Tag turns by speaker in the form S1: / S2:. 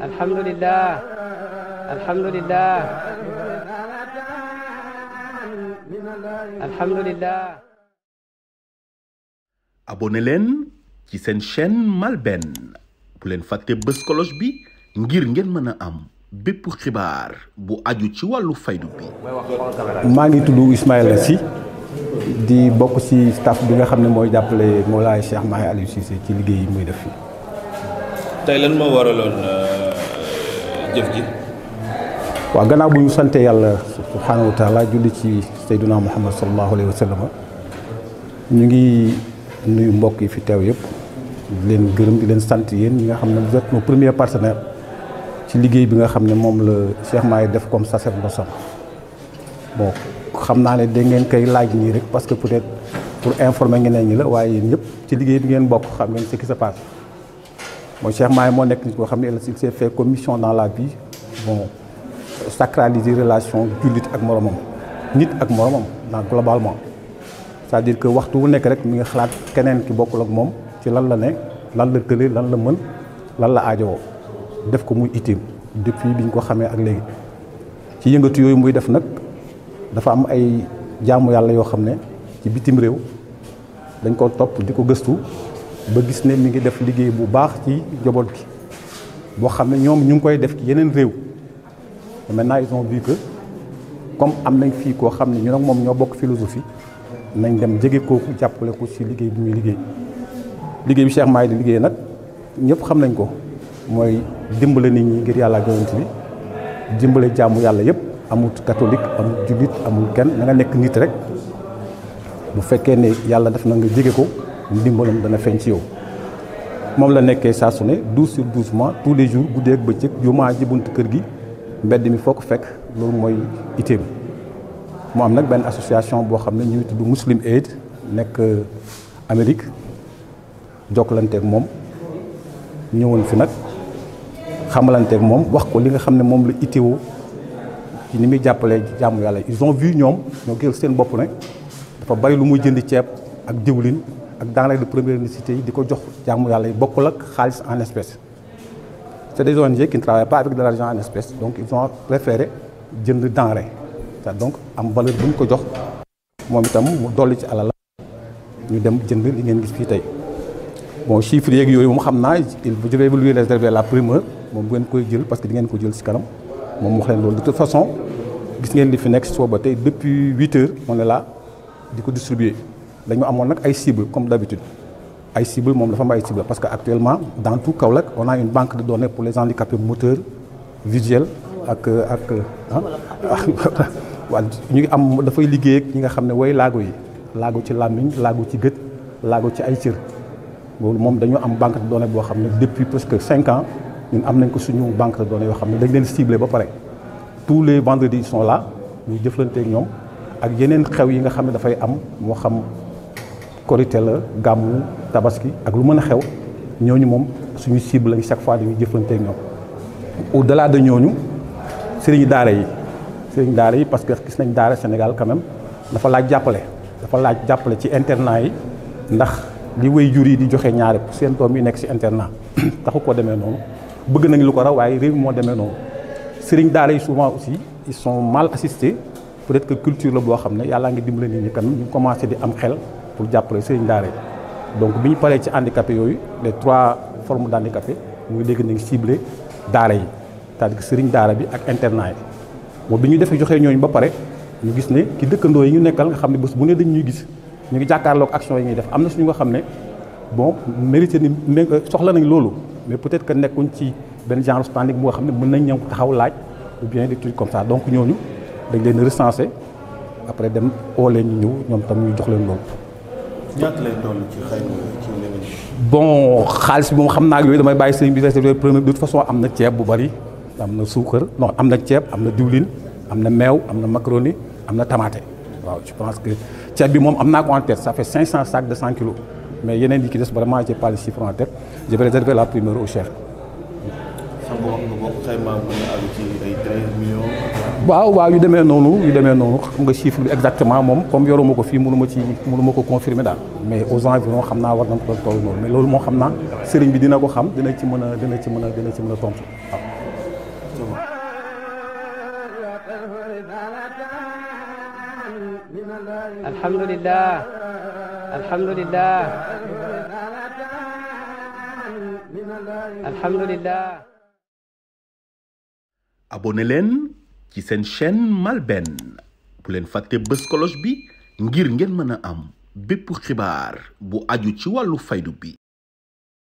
S1: alhamdulillah alhamdulillah alhamdulillah abonné leen ci seen chen malben bu leen fàtte bës cloche bi ngir ngeen mën a am bépp xibaar bu aju ci wàllu faydu bi maa ngi tudd Ismaïla Sy di bokk ci staff bi nga xam ne mooy jàppale Mawlaay Cheikh Mahi Aliou Cissé ci liggéey yi muy def fii. tey lan moo waraloon euh, jëf ji. waaw gannaaw bu ñu sante yàlla subhaanahu wa taala julli ci sayduna muhammad salallahu alayhi wa sallam ñu ngi nuyu mbokk yi fi teew yëpp di leen gërëm di leen sant yéen ñi nga xam ne vous êtes nos premiers partenaires ci liggéey bi nga xam ne moom la Cheikh Mahi def comme sacerdoce bon xam naa ne da ngeen koy laaj nii rek parce que peut-être pour informer ngeen ñi la waaye yéen ñëpp ci liggéey bi ngeen bokk xam ngeen ce qui se passe moo Cheikh Mahi moo nekk nit koo xam ne il s'est fait commission dans la vie moom sacraliser relation jullit ak moromam nit ak moromam dans globalement c'est-à-dire que waxtu wu nekk rek mu ngi xalaat keneen ki bokkul ak moom ci lan la ne lan la tële lan la mën lan la aajowoo def ko muy itim depuis bi ñu ko xamee ak léegi ci yëngatu yooyu muy def nag dafa am ay jaamu yàlla yoo xam ne ci bitim réew dañ ko topp di ko gëstu ba gis ne mi ngi def liggéey bu baax ci njaboot gi boo xam ne ñoom ñu ngi koy def ci yeneen réew maintenant ils ont vu que comme am nañ fii koo xam ne ñu nag moom ñoo bokk philosophie nañ dem jege kooku jàppale ko ci liggéey bi muy liggéey liggéey bi Cheikh Mahi di liggéey nag ñëpp xam nañ ko mooy dimbale nit ñi ngir yàlla ak yonent bi dimbale jaamu yàlla yëpp. amul catholique amul jullit amul kenn da nekk nit rek bu fekkee ne yàlla def na nga jege ko ndimbalam dana feeñ ci yow moom la nekkee saa su ne douze sur douze mois tous les jours guddee ak bëccëg jumaa ji buntu kër gi mbedd mi foo ko fekk loolu mooy itteem mu am nag benn association boo xam ne ñuy tudd Muslim Aid nekk euh, Amérique jokkalanteeg moom ñëwoon fi nag xamalanteeg moom wax ko li nga xam ne moom la ittewoo ci ni muy jàppalee jàmm yàlla ils ont vu ñoom ñoo gis seen bopp nag dafa bari lu muy jënd ceeb ak diwlin ak denrées de première nécessité yi di ko jox jàmm yàlla yi bokkul ak xaalis en espèce c'est des ONG qui ne travaillent pas avec de l'argent en espèce donc ils ont préféré jënd denrée te donc am valeur bu ñu ko jox moom itam mu dolli ci alal ñu dem jënd li ngeen gis fii tey bon chiffres yeeg yooyu moom xam naa il je vais lui réserver la primeur moom bu jël parce que di ko jël si kanam moom wax leen loolu de toute façon gis ngeen li fi nekk suba ba tey depuis huit heures on est là di ko distribuer dañu amoon nag ay cible comme d'habitude ay cible moom dafa am ay cible parce que actuellement dans tout Kaolack on a une banque de données pour les handicapés moteurs visuels ak ak waaw ñu ngi am dafay liggéey ak ñi nga xam ne way laago yi laago ci làmmiñ laago ci gët laago ci ay cër loolu moom dañu am banque de données boo xam ne depuis presque cinq ans ñun am nañ ko suñu banque de données yoo xam ne dañ leen ciblé ba pare tous les vendredis ils sont là ñu jëflanteeg ñoom ak yeneen xew yi nga xam ne dafay am moo xam korite la gàmmu tabaski ak lu mën a xew ñooñu moom suñu cible lañ chaque fois dañuy jëflanteeg ñoom au delà de ñooñu sëriñ daare yi sëriñ daara yi parce que gis nañ daara Sénégal quand dafa laaj jàppale dafa laaj jàppale ci internat yi ndax li wéy jur yi di joxe ñaari seen doom yi nekk ci internat taxu ko demee noonu bëgg nañ lu ko raw waaye réew moo demee noonu sëriñ daara yi souvent aussi ils sont mal assistés peut-être que culture la boo xam ne yàllaa ngi dimbale nit ñi quand même ñu commencé di am xel pour jàppale sëriñ daara yi donc bi ñu paree ci handicapé yooyu les trois formes d' handicapé mu ngi léegi nañ ciblé daara yi c'est-à-dire sëriñ daara bi ak internat yi moom bi ñu defee joxee ñooñu ba pare ñu gis ne ki dëkkandoo yi ñu nekkal nga xam ne bés bu ne dañ ñuy gis ñu ngi jàkkaarloog action yi ñuy def am na suñu nga xam ne bon mérité ni soxla nañ loolu mais peut-être que nekkuñ ci benn genre standing boo xam ne mën nañ ñëw taxaw laaj ou bien des trucs donc ñooñu dañ leen recenser après dem oo leen ñu ñëw ñoom tam ñu jox leen loolu. ñaata lay toll bon xaalis bi moom xam naa ak yooyu damay bàyyi sëñ bi reste premier de toute façon am na ceeb bu bari am na suukar non am na ceeb am na diwlin am na meew am na macaroni am na tamaate waaw je pense que ceeb bi moom am naa ko en tête ça fait 500 sacs de 100 kilos. mais yeneen yi ki des vraiment j'ai pas les chiffres en tête je vais réserver la primeur au chef. waaw waaw yu demee noonu yu demee noonu xam nga chiffre bi exactement moom comme yoruma ko fii mënuma ci mënuma ko confirmer daal mais aux environs xam naa war na ko toll noonu mais loolu moo xam naa sëriñ bi dina ko xam dina ci mën a dina ci mën a dina ci
S2: mën alhamdulilah
S1: alhamdulilah. abonné leen ci seen chen malben bu leen fàtte bës bi ngir ngeen mën a am bépp xibaar bu aju ci wàllu faydu bi.